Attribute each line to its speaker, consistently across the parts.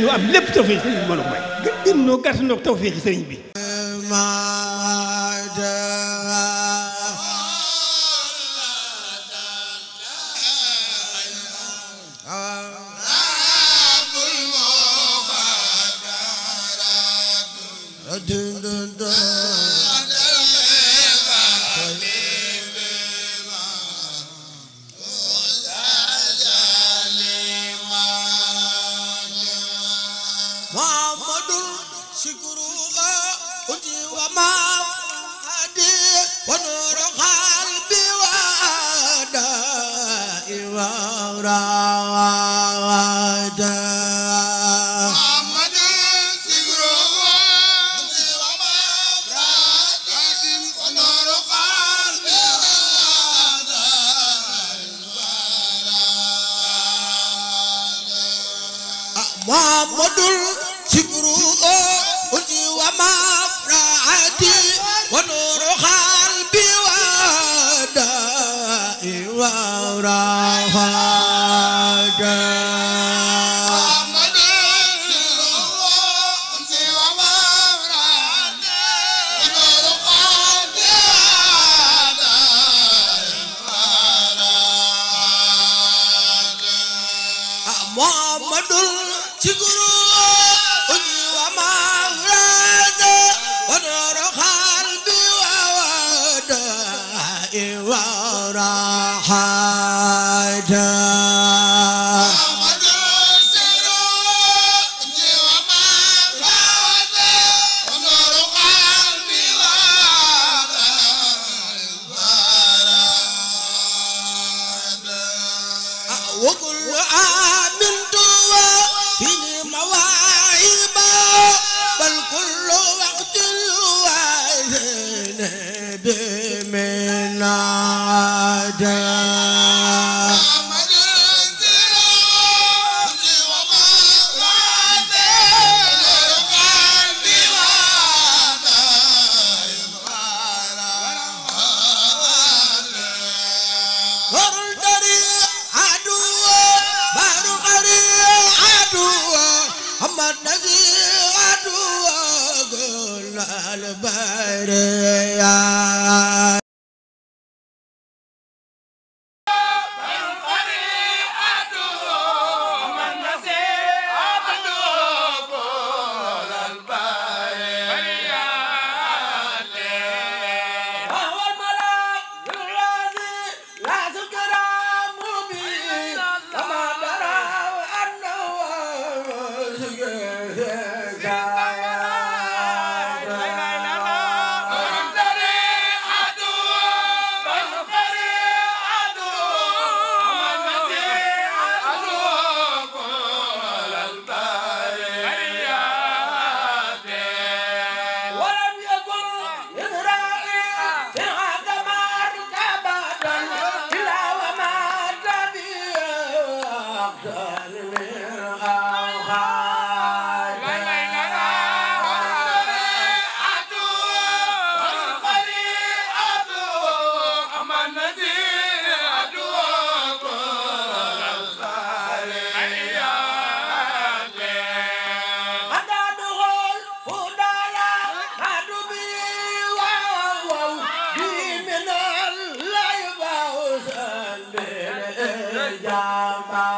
Speaker 1: ñu am lépp tawfeex sëriñ bi mën a may. gën noo gàtt noo tawfeex sëriñ bi. ra waaw jaama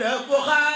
Speaker 1: da bu xaar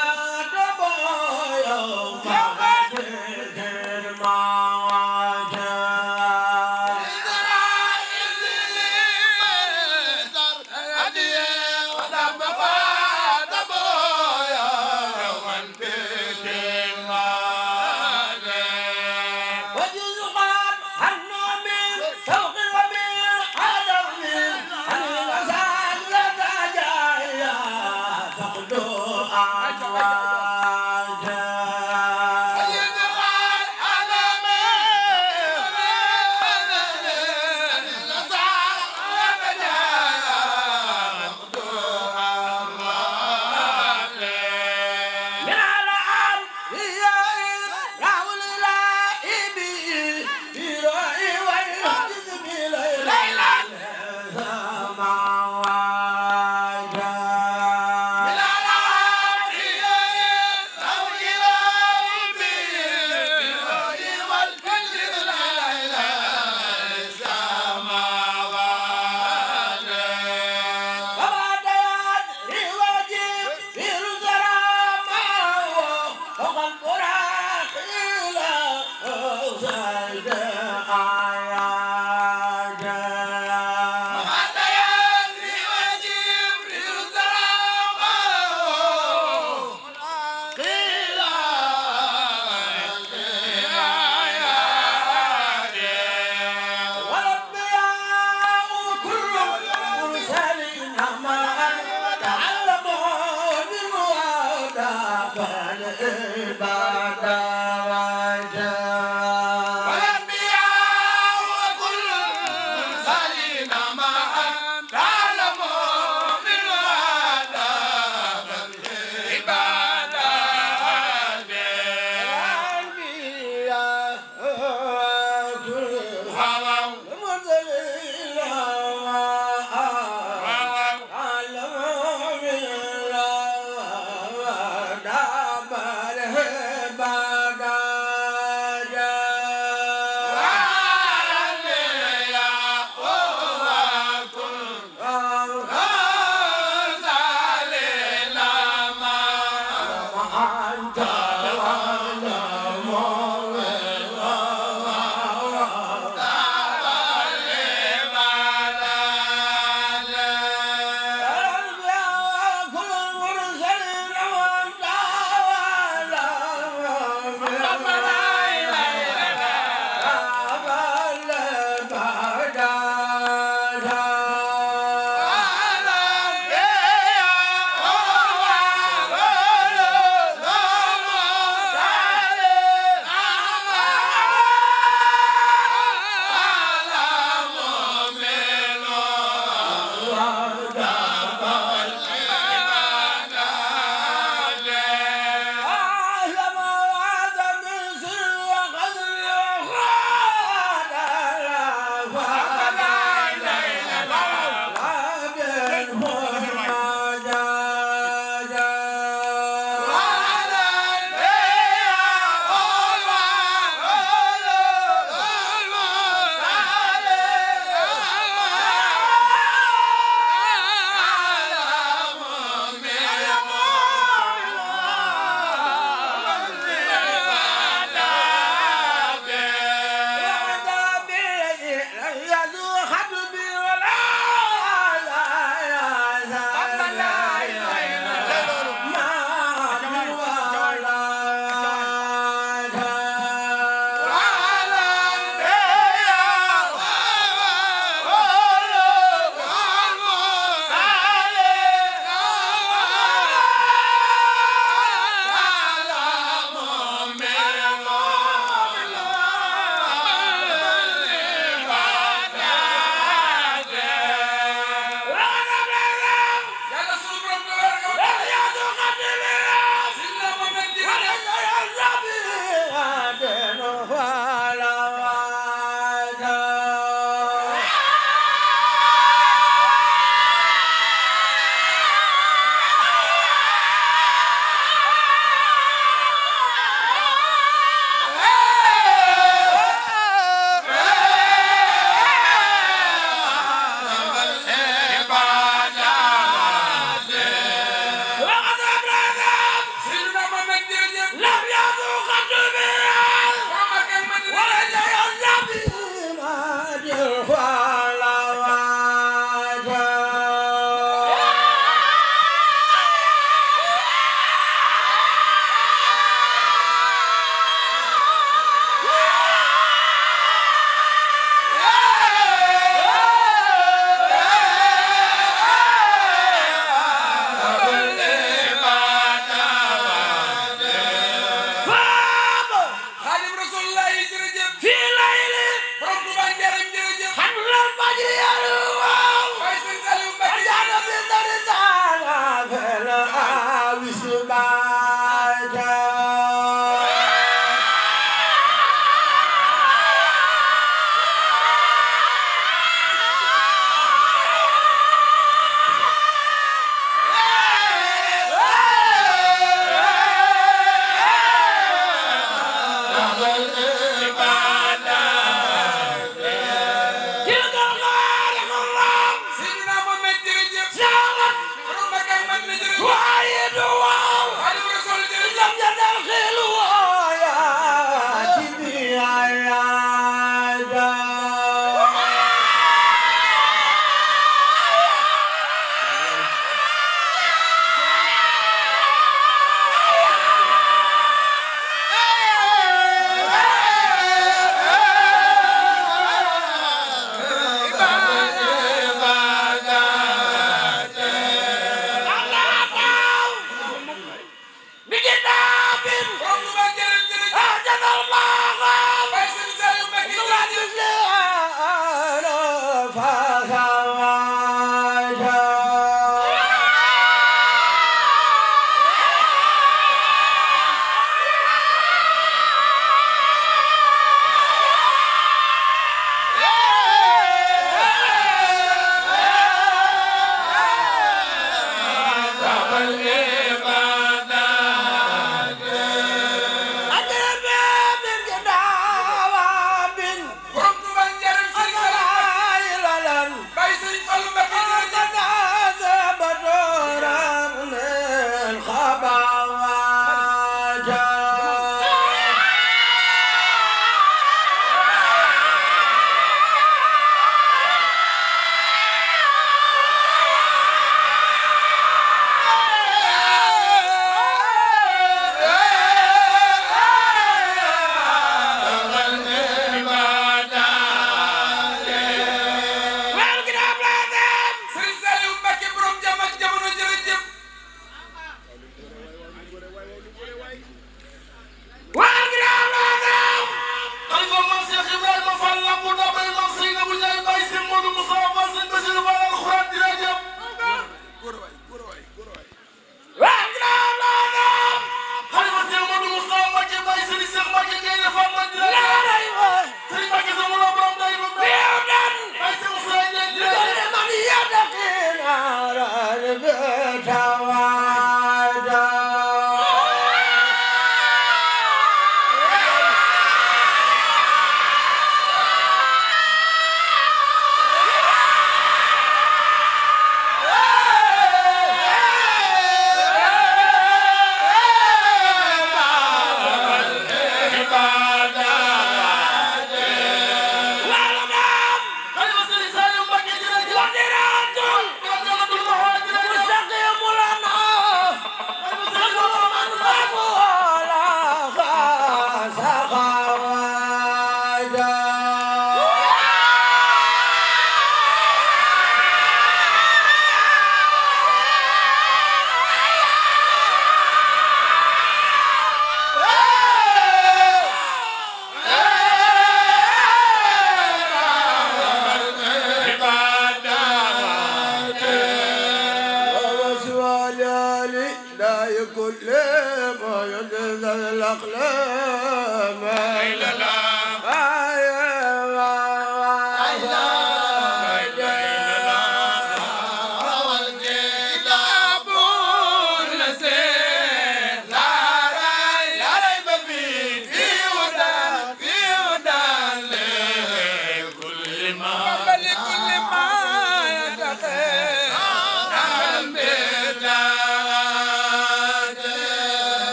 Speaker 1: ba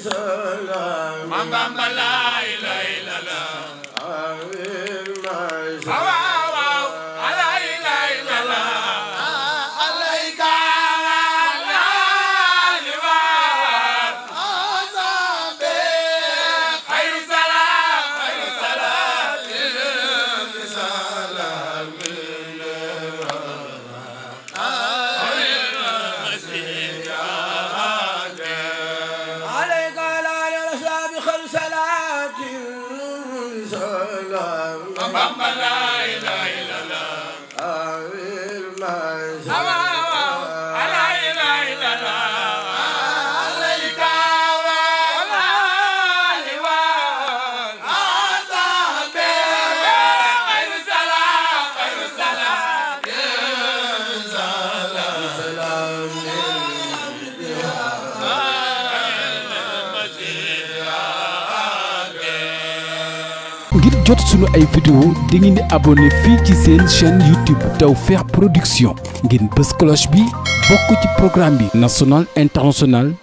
Speaker 1: salaam. Mambamba laay Bamba la jot suñu ay vidéo di ngeen di abonné fii ci seen chaîne YouTube feex Production ngeen bës cloche bi bokk ci programme bi national international